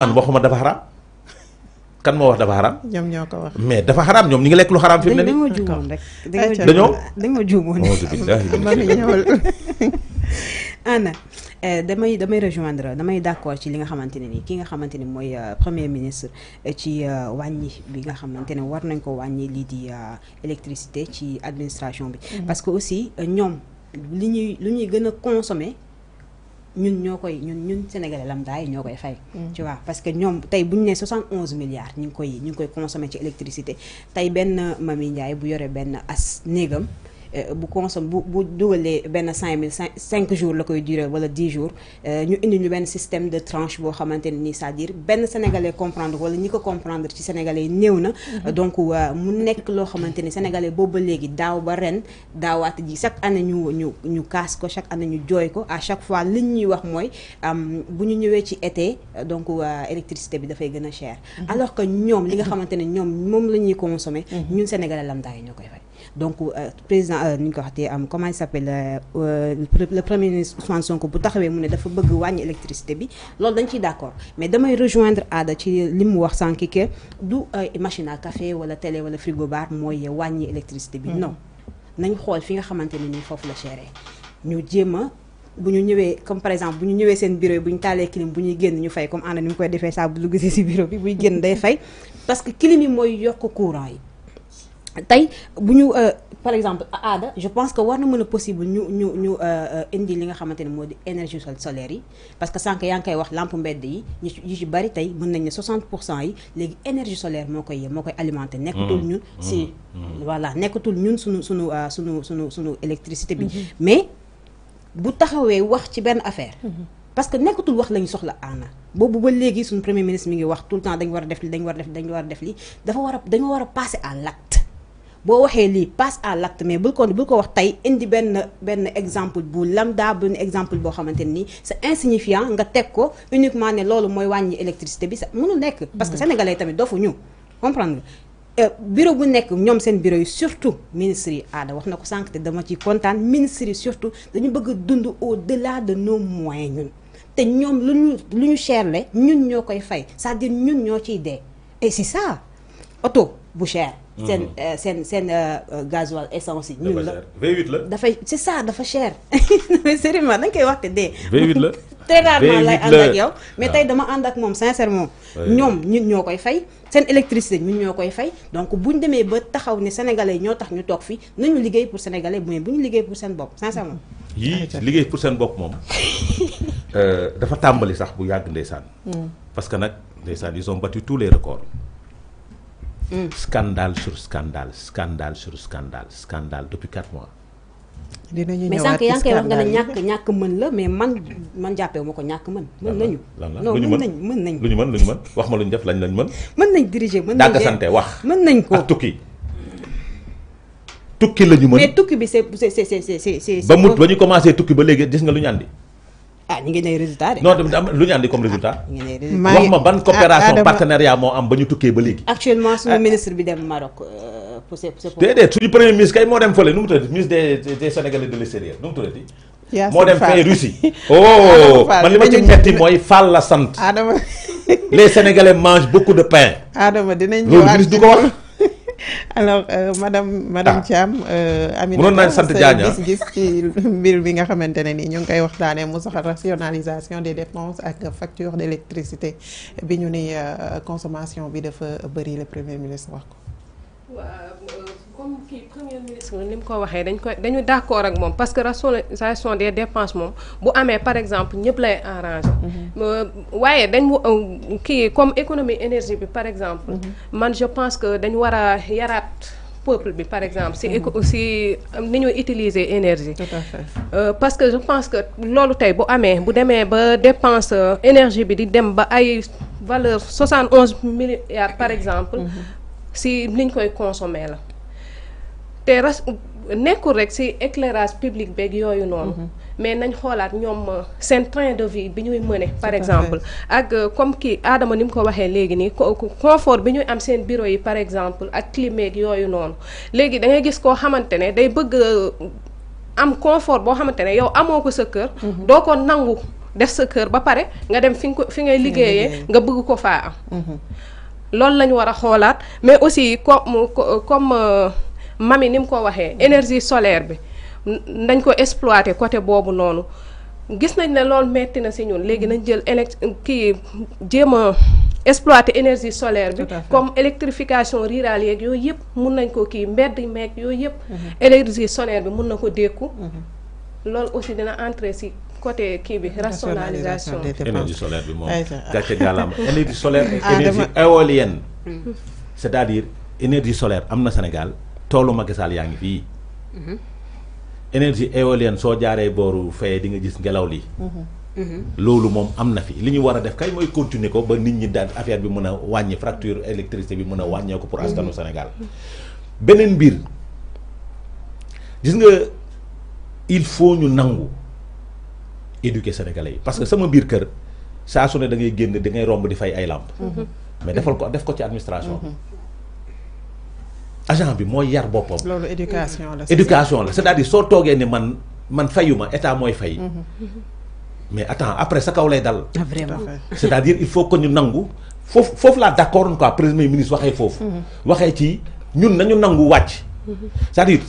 an waxuma dafa haram kan mo wax dafa haram ñom ñoko wax mais dafa haram ñom ñi ngi lek lu xaraam. fi mu ne dañu dañoo dañoo juumoon ana eh, damay damay rejoindre damay d'accord ci li nga xamanteni ni ki nga xamanteni moy euh, premier ministre eh, ci euh, wañi bi nga xamanteni war nañ ko wañi li di euh, électricité ci administration bi. Mm-hmm. parce que aussi ñom li ñuy lu ñuy gën consommer. ñun ñoo koy ñun ñun sénégalais lambda yi ñoo koy fay. Mm. tu vois parce ñoom tey bu ñu nee 71 milliards ñu ngi koy ñu ci électricité tey benn Mami Ndiaye bu yore benn as néegam. Euh, bu consomme bu bu dugalee benn cinq mille jours la koy durer wala 10 jours euh, ñu indi ñu ben système de tranche bo xamanteni ne c'est-à-dire ben sénégalais comprendre wala ñi ko comprendre ci sénégalais yi mm-hmm. donc euh, mu nekk lo xamanteni sénégalais boobu ba léegi daaw ba ren dawat ji chaque année ñu ñu ñu casse ko chaque année ñu joy ko à chaque fois liñ ñuy wax moy bu ñu ñëwé ci été donc électricité bi da fay gëna cher. Mm-hmm. alors que ñom li nga xamanteni ñom mom lañuy consommer. Mm-hmm. ñun sénégalais lambda yi ñoo koy fay donc euh, président euh, ni ñu ko waxatee am comment il s'appelle euh, le premier ministre Ousmane Sonko bu taxawé mu ne dafa bëgg wàññi électricité bi loolu dañ ci d'accord mais damay rejoindre Ada ci li wax sanki que du machine à café wala télé wala frigo bar moy wàññi électricité bi mm. non nañ xol fi nga xamante ni fofu la chéré ñu jéem bu ñu ñëwé comme par exemple bu ñu ñëwé sen bureau yi bu ñu taalee clim bu ñuy génn ñu fay comme ana ni mu koy défé ça bu lu gisee bureau bi buy génn day fay parce que clim yi mooy yokk courant yi tay buñu euh, par exemple aada je pense que warna na possible ñu ñu ñu euh, euh, indi li nga xamanteni modi énergie solaire yi parce que sank yaa ngi wax lampe mbedd yi ñu ci bari tay tey mën nañ ne 60 yi légui énergie solaire mo koy mo koy alimenter nekutul mm. ñun mm. si. Mm. voilà nekutul ñun suñu suñu suñu suñu suñu électricité bi. Mm-hmm. mais bu taxawé wax ci ben affaire. Mm-hmm. parce que nekutul wax lañu soxla ana boobu ba léegi suñu premier ministre mi ngi wax tout le temps dañ war def li dañu war def dañ war def li dafa wara dañ wara passer à l'acte boo waxee lii passe à l'acte mais bul ko bul ko wax tey indi benn benn exemple bu lambda benn exemple boo xamante c'est insignifiant nga teg ko uniquement ne loolu mooy wàññi électricité bi sa mënul nekk parce que sénégalais tamit dofuñu comprendre euh, bureau bu nekk ñoom seen bureau surtout ministres yi aada wax na ko sànq te dama ci kontaan ministres yi surtout dañu bëgg dund au delà de nos moyens ñun te ñoom lu ñu lu cherle ñun ñoo koy fay c'est-à-dire ñun ñoo ciy et c'est ça auto bu sen sen sen gasoil essence yi. ñun la V8 la. dafay c'est ça dafa cher mais sérieusement da koy wax te dee. V8 la très rarement lay ànd ak yow. mais ah. tay dama ànd ak moom sincèrement. ñom ñun ñoo fay sen électricité ñun ñoo fay donc buñ démé ba taxaw ni sénégalais ñoo tax ñu tok fi nañu liggéey pour sénégalais mais bu liggéey pour seen bopp sincèrement. yi ah, liggéey pour seen bopp moom euh, dafa tambali sax bu yag ndeysaan. Hmm. parce que nak ndeysaan ils ont battu tous les records. Mm. scandale sur scandale scandale sur scandale scandale depuis quatre mois. dinañu ñëwaat mais sànq yaa ngi koy wax nga ne ñàkk ñàkk mën la mais man man jàppee ma ko ñàkk mën. mën nañu lan la lu ñu mën mën nañ lu ñu mën lu ñu mën wax ma lu ñu def lañ lañ mën. mën nañ diriger mën nañ sante wax. mën nañ ko tukki. tukki la ñu mën mais tukki bi c'est c'est c'est c'est c'est. ba mu ba ñu commencé tukki ba léegi gis nga lu ñu àndi. ah ñu ngi lay résultat de. non lu ñu andi comme résultat. Ah, ñu ngi lay wax ma ban ah, coopération partenariat moo am ba ñu tukkee ba léegi. actuellement suñu ah, ministre bi dem Maroc. Euh, pour ses pour déedéet premier ministre kay moo dem fële nu mu tuddati ministre des des Sénégalais de l'extérieur nu mu tuddati. moo dem fee Russie. oh, oh, oh, oh man li ma ci metti mooy Fall la sant. Adama le Sénégalais mangent beaucoup de pain. Adama dinañ ñëwaat loolu ministre du ko wax. alors euh, madame madame ah. Thiam. Euh, Amina ah. ci nga rationalisation des dépenses avec facture d'électricité, euh, consommation bi le premier ministre comme kii premier ministre ni mu ko waxee dañ ko dañu d'accord ak moom parce que rationalisation des dépenses moom bu amee par exemple ñëpp lay arrangé. Mhm. Euh, waaye dañ euh, kii comme économie énergie bi par exemple. Mhm. man je pense que dañu war a yaraat. peuple bi par exemple si mhm. si euh, ni ñuy utiliser énergie parce que je pense que loolu tey bu amee bu demee ba dépense énergie bi di dem ba ay valeur 71 milliards par exemple si niñ koy consommer la te ras nekkul rek ci éclairage public beeg yooyu noonu. Mhm. mais nañ xoolaat ñoom euh, seen train de vie bi ñuy mëne par exemple ak euh, comme kii aadama ni mu ko waxee léegi nii confort bi ñuy am seen bureau yi par exemple ak climat yooyu noonu léegi da ngay gis koo xamante ne day bëgg euh, am confort boo xamante ne yow amoo ko sa kër. Mhm. doo ko nangu def sa kër ba pare nga dem fi ko fi ngay liggéeyee nga bëgg ko faa am. Mhm. loolu la ñu war a xoolaat mais aussi comme comme. mami ni mu ko waxee énergie solaire bi nañ ko exploité côté boobu noonu gis nañ ne loolu metti na si ñun léegi nañ jël élect kii jéem a exploité énergie solaire bi comme électrification rurale yeeg yooyu yëpp mun nañ ko kii mbedd meeg yooyu yëpp mhm. énergie solaire bi mun na ko dékku mhm. loolu aussi dina entrer si côté kii bi rationalisation énergie solaire bi moom gàcce gàllaama énergie solaire ah, énergie éolienne mm. cest énergie solaire am na Sénégal toolu Macky Sall yaa ngi fii. Mm-hmm. énergie éolienne soo jaaree booru fayee di nga gis ngelaw li. Mm-hmm. loolu moom am na fi li ñu war a def kay mooy continuer ko ba nit ñi daal affaire bi mën a wàññi fracture électricité bi mën a wàññeeku pour mm-hmm. askanu Sénégal. beneen mbir gis nga il faut ñu nangu éduquer sénégalais yi parce que sama biir kër saa su ne da ngay génn da romb di fay ay làmp mais defal ko def ko ci administration. agent bi moy yar bopom lolu éducation la. éducation la c'est-à-dire so togué ni man man fayuma état moy fay. Mm-hmm. mais attends après sa kaw lay dal. Ah, vraiment c'est-à-dire il faut que ñu nangu fof foofu laa d'accord quoi premier ministre waxé fof mm-hmm. waxé ci ñun nañu nangu wacc mm-hmm. c'est-à-dire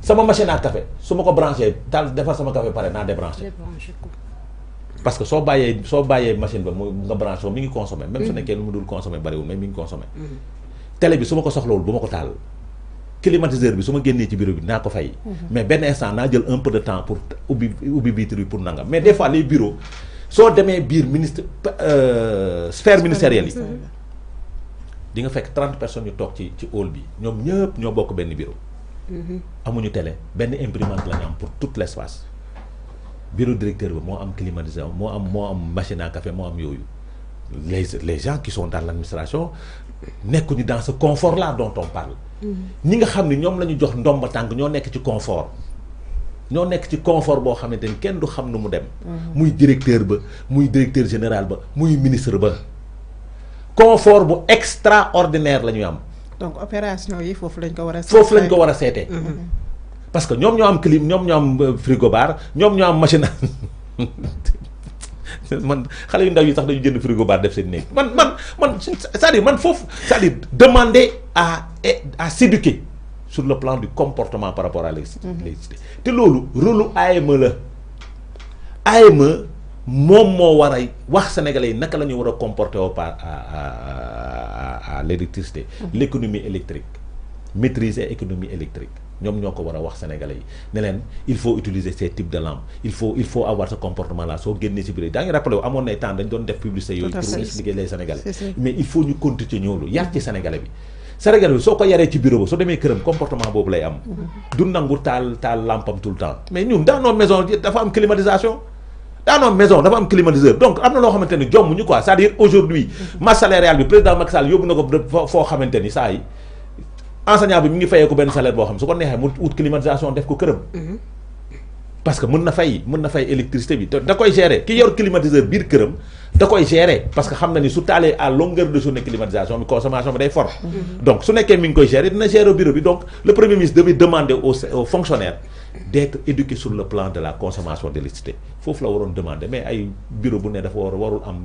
sama machine à café su ma ko branché daal defar sama café pareil, na débrancher parce que so bàyyee so bàyyee machine ba nga branché mi ngi consommer même su nekkee lu mu dul bari wu mais mi ngi consommé. télé bi suma ko soxlawul buma ko tal climatiseur bi suma ma ci bureau bi naa ko fay. Mhm. mais ben instant na jël un peu de temps pour ubi ubi vitre bi pour nanga mais des fois les bureaux so démé bir ministre euh, sphère ministérielle di nga fekk 30 personnes yu tok ci ci hall bi ñom ñepp ño bok ben bureau. Mhm. amuñu télé ben imprimante la ñam pour tout l'espace bureau directeur mo am climatiseur mo am mo am machine à café mo am yoyu les, les gens qui sont dans l'administration nekkuñu dans ce confort là dont on parle. Mm-hmm. ñi nga xam ne ñoom la ñu jox ndomba tànk ñoo nek ci confort. ñoo nek ci confort bo xamante ni kenn du xam nu mu dem. Mm-hmm. muy directeur ba muy directeur général ba muy ministre ba. confort bu extraordinaire lañu am. donc opération yi fofu lañ ko wara a. lañ ko war a mm-hmm. parce que ñom ñoo am clim ñom ñoo am euh, frigo bar ñom ñoo am machine. man xalé yu ndaw yi sax dañu jënd frigo baat def seen nek man man man c'est-à-dire man fofu c'est-à-dire demander à à s'éduquer sur le plan du comportement par rapport à l'électricité mhm. té lolu rôlu AME la AME mom mo war wax sénégalais naka lañu wara comporter au par à à à l'électricité mhm. l'économie électrique maîtriser économie électrique ñom ñoko wara wax sénégalais yi il faut utiliser ces types de lampes il faut il faut avoir ce comportement là so génnee ci biir da nga rappelé amone amoon nay temps dañ doon def publicité yooyu pour expliquer les sénégalais mais il faut ñu continuer ñoolu yar ci sénégalais bi sénégalais bi soo ko yaree ci bureau so démé kërëm comportement bobu lay am mm-hmm. du tal tal lampe am tout le temps mais ñun dans nos maisons dafa am climatisation dans nos maisons dafa am climatiseur donc amna lo loo jom ñu quoi c'est-à-dire aujourd'hui mm-hmm. masse salariale bi président Macky Sall yóbbu na ko foo ça yi enseignant bi mi ngi fayee ko benn salaire boo xam su ko neexee mu wut climatisation def ko këram. Mhm. parce que na fay mën na fay électricité bi te da koy gérer ki yor climatiseur biir këram da koy gérer parce que xam na ni su taalee à longueur de journée climatisation bi consommation bi day fort. Mhm. donc su nekkee mi ngi koy gérer dina gérer bureau bi donc le premier ministre devait demander aux aux fonctionnaires d'être éduqués sur le plan la consommation d'électricité foofu la waroon demander mais ay bureau bu ne dafa war warul am.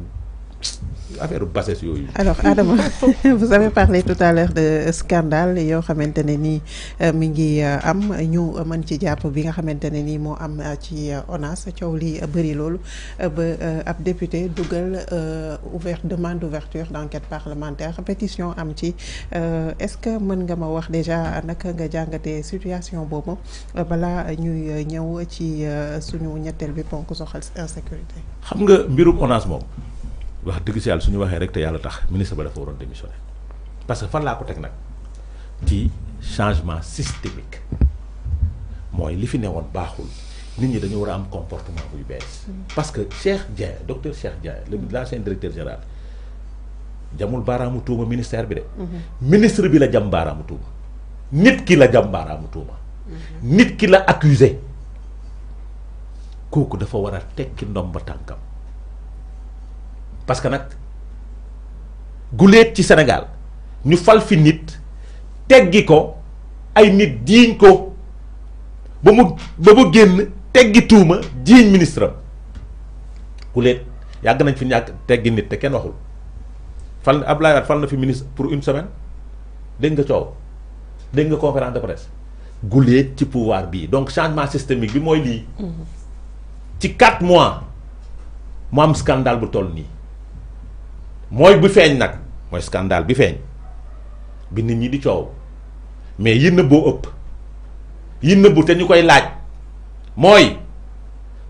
affaire bassesse yooyu. alors Adam, vous avez parlé tout à l'heure de scandale yo xamantene ni euh, mi ngi euh, am ñu euh, man ci japp bi nga xamantene ni mo am ci ONAS ciow li beuri loolu ba ab député dugal ouvert demande d'ouverture d'enquête parlementaire pétition am ci est-ce que mën nga ma wax déjà naka nga jàngatee situation bobu bala ñuy ñëw ci suñu ñetteel bi ponk soxal insécurité. xam nga mbirum ONAS moom. wax deug si yalla suñu waxe rek te yalla tax ministre ba dafa waroon démissioné parce que fan la ko tek nak ci changement systémique moy li fi newoon baxul nit ñi dañu wara am comportement bu bess parce que Cheikh dia docteur Cheikh dia le l'ancien directeur général jamul baramu tuuma ministère bi de mhm. ministre bi la jam baramu tuuma nit ki la jam baramu tuuma mhm. nit ki la accusé koku dafa wara tek tekki ndomba tankam parce que ci Sénégal ñu fal fi nit ay nit ko mu ministre Goulet, y a nañ fi nit kenn fal Abdoulaye ministre pour une semaine dégg nga conférence de presse ci pouvoir donc changement systémique bi mm-hmm. ci quatre mois moi am scandale bu mooy bu feeñ nag mooy scandale bi feeñ bi nit ñi di coow mais yi boo ëpp yi bu te ñu koy laaj mooy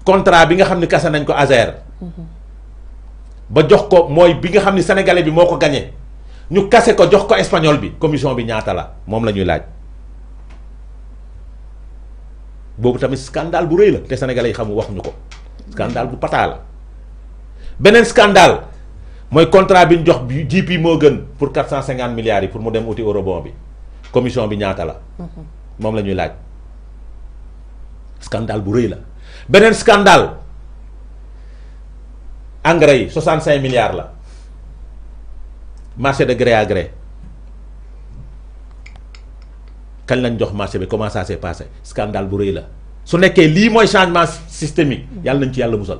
contrat bi nga xam ni kase nañ ko Azer mm-hmm. ba jox ko mooy bi nga xam ni sénégalais bi moo ko gagné ñu kase ko jox ko español bi commission bi ñaata la moom la ñuy laaj boobu tamit scandale bu rëy la te sénégalais yi xamul waxuñu ko scandale bu pataa la beneen scandale Je contrat de J.P. jox pour 450 milliards pour mu dem euro eurobond bi commission bi ñaata la. moom la laaj. scandale bu reuy la un scandale engrais 65 milliards marché de gré à gré kañ lañ jox marché bi comment ça s'est passé scandale bu reuy la su nekké li moy changement systémique yalla nañ ci yalla musal.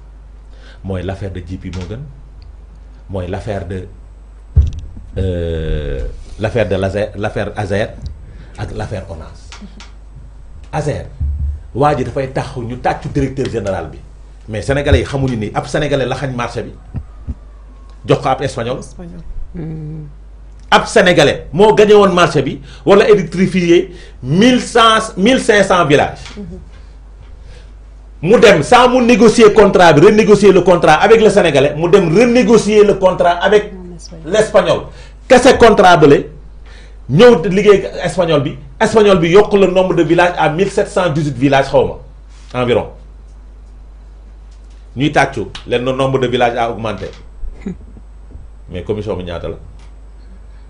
moi l'affaire de J.P. Morgan, l'affaire de euh, l'affaire de l'affaire Azer l'affaire ONAS Azer wadi da fay tax ñu le directeur général bi mais sénégalais ni ab sénégalais la xagn marché bi jox ko ab espagnol hmm. ab sénégalais mo gagné won marché bi wala mille 1500 villages hmm mu dem sans négocier contrat renégocier le contrat avec le sénégalais mu dem renégocier le contrat avec l'Espagnol. quest kese contrat bële ñëw liggéey espagnol bi espagnol bi le nombre de villages à 1718 villages environ ñuy tàccu le nombre de villages a augmenté mais commission bi ñaata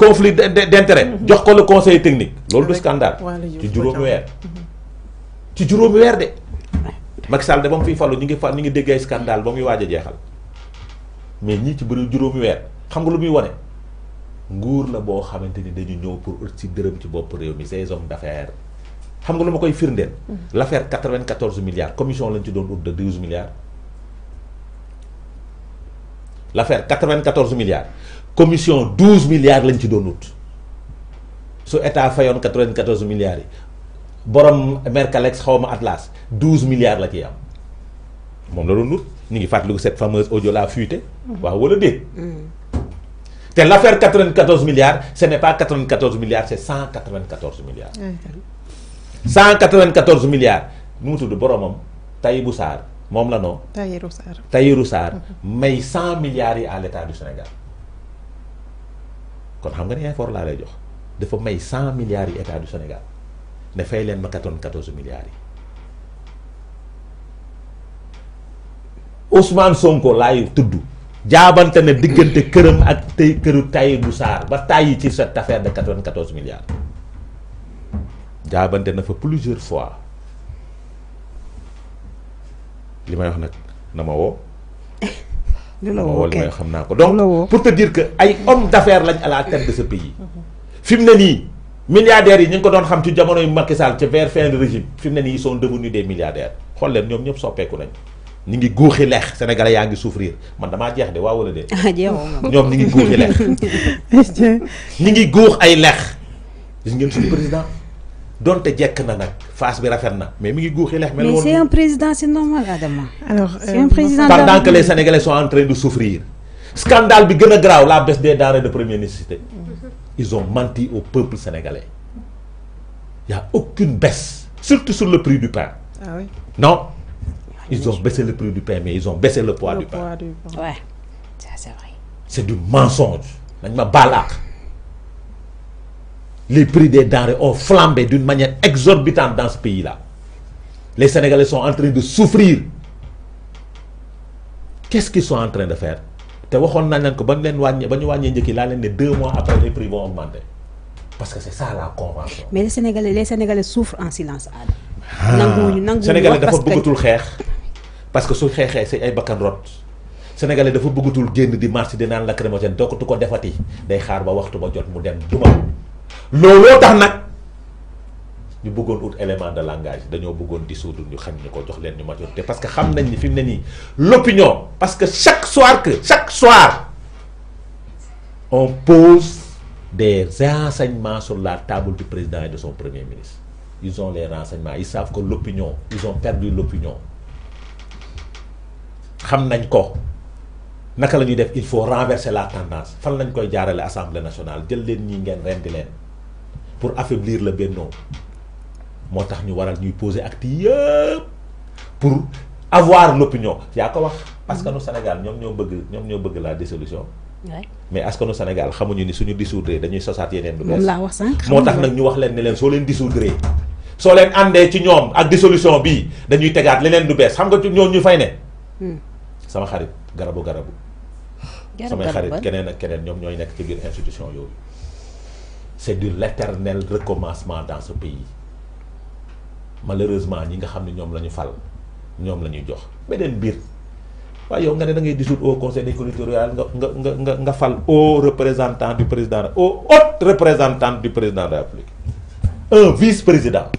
conflit d'intérêt mm-hmm. jox ko le conseil technique lolou du scandale ci djuroom weer mm-hmm. ci djuroom weer de Macky Sall de bam fi fiy fallu ñu ngi fa ñu ngi déggee scandale ba muy waaj a mais ñi ci bëri djuroom weer xam nga lu muy woné nguur la bo xamanteni dañu ñëw pour ut si dërëm ci bop réew mi ces hommes d'affaires xam nga lu ma koy firndel mm-hmm. l'affaire 94 milliards commission lañ ci doon ut de 12 milliards l'affaire 94 milliards commission 12 milliards lañ ci 94 milliards borom Mercalex Atlas 12 milliards la ciy am cette fameuse audio la mm. l'affaire 94 milliards ce n'est pas 94 milliards c'est 194 milliards. 194 ah, milliards nous tous de boromam Taïbou mom la non tayiru sar tayiru sar may 100 milliards à l'état du sénégal kon xam nga ni effort la lay jox dafa may 100 milliards état du sénégal ne fay len ma 14 milliards Ousmane Sonko lay tuddu jabanté né digënté kërëm ak tay kërru tay du sar ba tay ci cette affaire de 94 milliards jabanté na fa plusieurs fois li may wax nag na ma woo. du la woo kay xam naa ko donc pour te dire que ay hommes d'affaires lañ à la tête de ce pays. Mm-hmm. fi mu ne nii milliardaires yi ñu ngi ko doon xam ci jamonoy Macky Sall ci vers fin de régime fi mu ne nii ils sont devenus des milliardaires xool leen ñoom ñëpp soppeeku nañ ñu ngi guuxi leex sénégalais yaa ngi souffrir man damaa jeex de waaw wala de. ñoom ñu ngi guuxi leex. ñu ngi guux ay leex gis ngeen suñu président na face mais c'est un président c'est normal Adama. alors euh, pendant que les sénégalais sont en train de souffrir scandale bi gën a la baisse des denrées de première nécessité. ils ont menti au peuple sénégalais Il y a aucune baisse surtout sur le prix du pain. ah oui non. ils ont baissé le prix du pain mais ils ont baissé le poids du pain. C'est du pain ouais ça c'est vrai. c'est du mensonge les prix des denrées ont flambé d'une manière exorbitante dans ce pays-là. Les Sénégalais sont en train de souffrir. Qu'est-ce qu'ils sont en train de faire deux mois après, les prix vont augmenter. Parce que c'est ça la convention. Mais les Sénégalais, les Sénégalais souffrent en silence. Les ah. Sénégalais ne font beaucoup Parce que ce que c'est un bacan Sénégalais dafa bëggatul génn di marché di la crémogène. donc du ko defati day xaar ba waxtu ba jot mu dem duma looloo tax nak ñu bëggoon ut élément de langage dañoo bëggoon dissoudre ñu xañ ñu ko jox leen ñu majorité parce que xam nañ ni fi mu ne nii l'opinion parce que chaque soir que chaque soir on pose des renseignements sur la table du président et de son premier ministre ils ont les renseignements ils savent que l'opinion ils ont perdu l'opinion xam nañ ko naka la ñuy def il faut renverser la tendance fan lañ koy jaarale assemblée nationale jël leen ñi ngeen rendi leen pour affaiblir le Benno Nous avons posé waral poser pour avoir l'opinion Parce que nous, au Sénégal nous ñoo bëgg ñoom ñoo la dissolution mais nous Sénégal avons ni suñu dissoudre dañuy sosaat yeneen du bees nous nous ñu wax leen Nous leen soo dissoudre Nous leen àndee ci dissoudre. ak dissolution nous dañuy dissoudre. Nous avons besoin xam nga Nous ñu fay de hmm. sama xarit garabu garabu de xarit Nous ak besoin de dissoudre. Nous ci besoin institution c'est de l'éternel recommencement dans ce pays malheureusement ñi nga xam ne ñoom la ñu fal ñoom la ñuy jox beneen biir waaye yow nga ne da ngay dissoudre au conseil des collectivités rurales nga nga nga nga nga fal au représentant du président au haute représentante du président de République un vice-président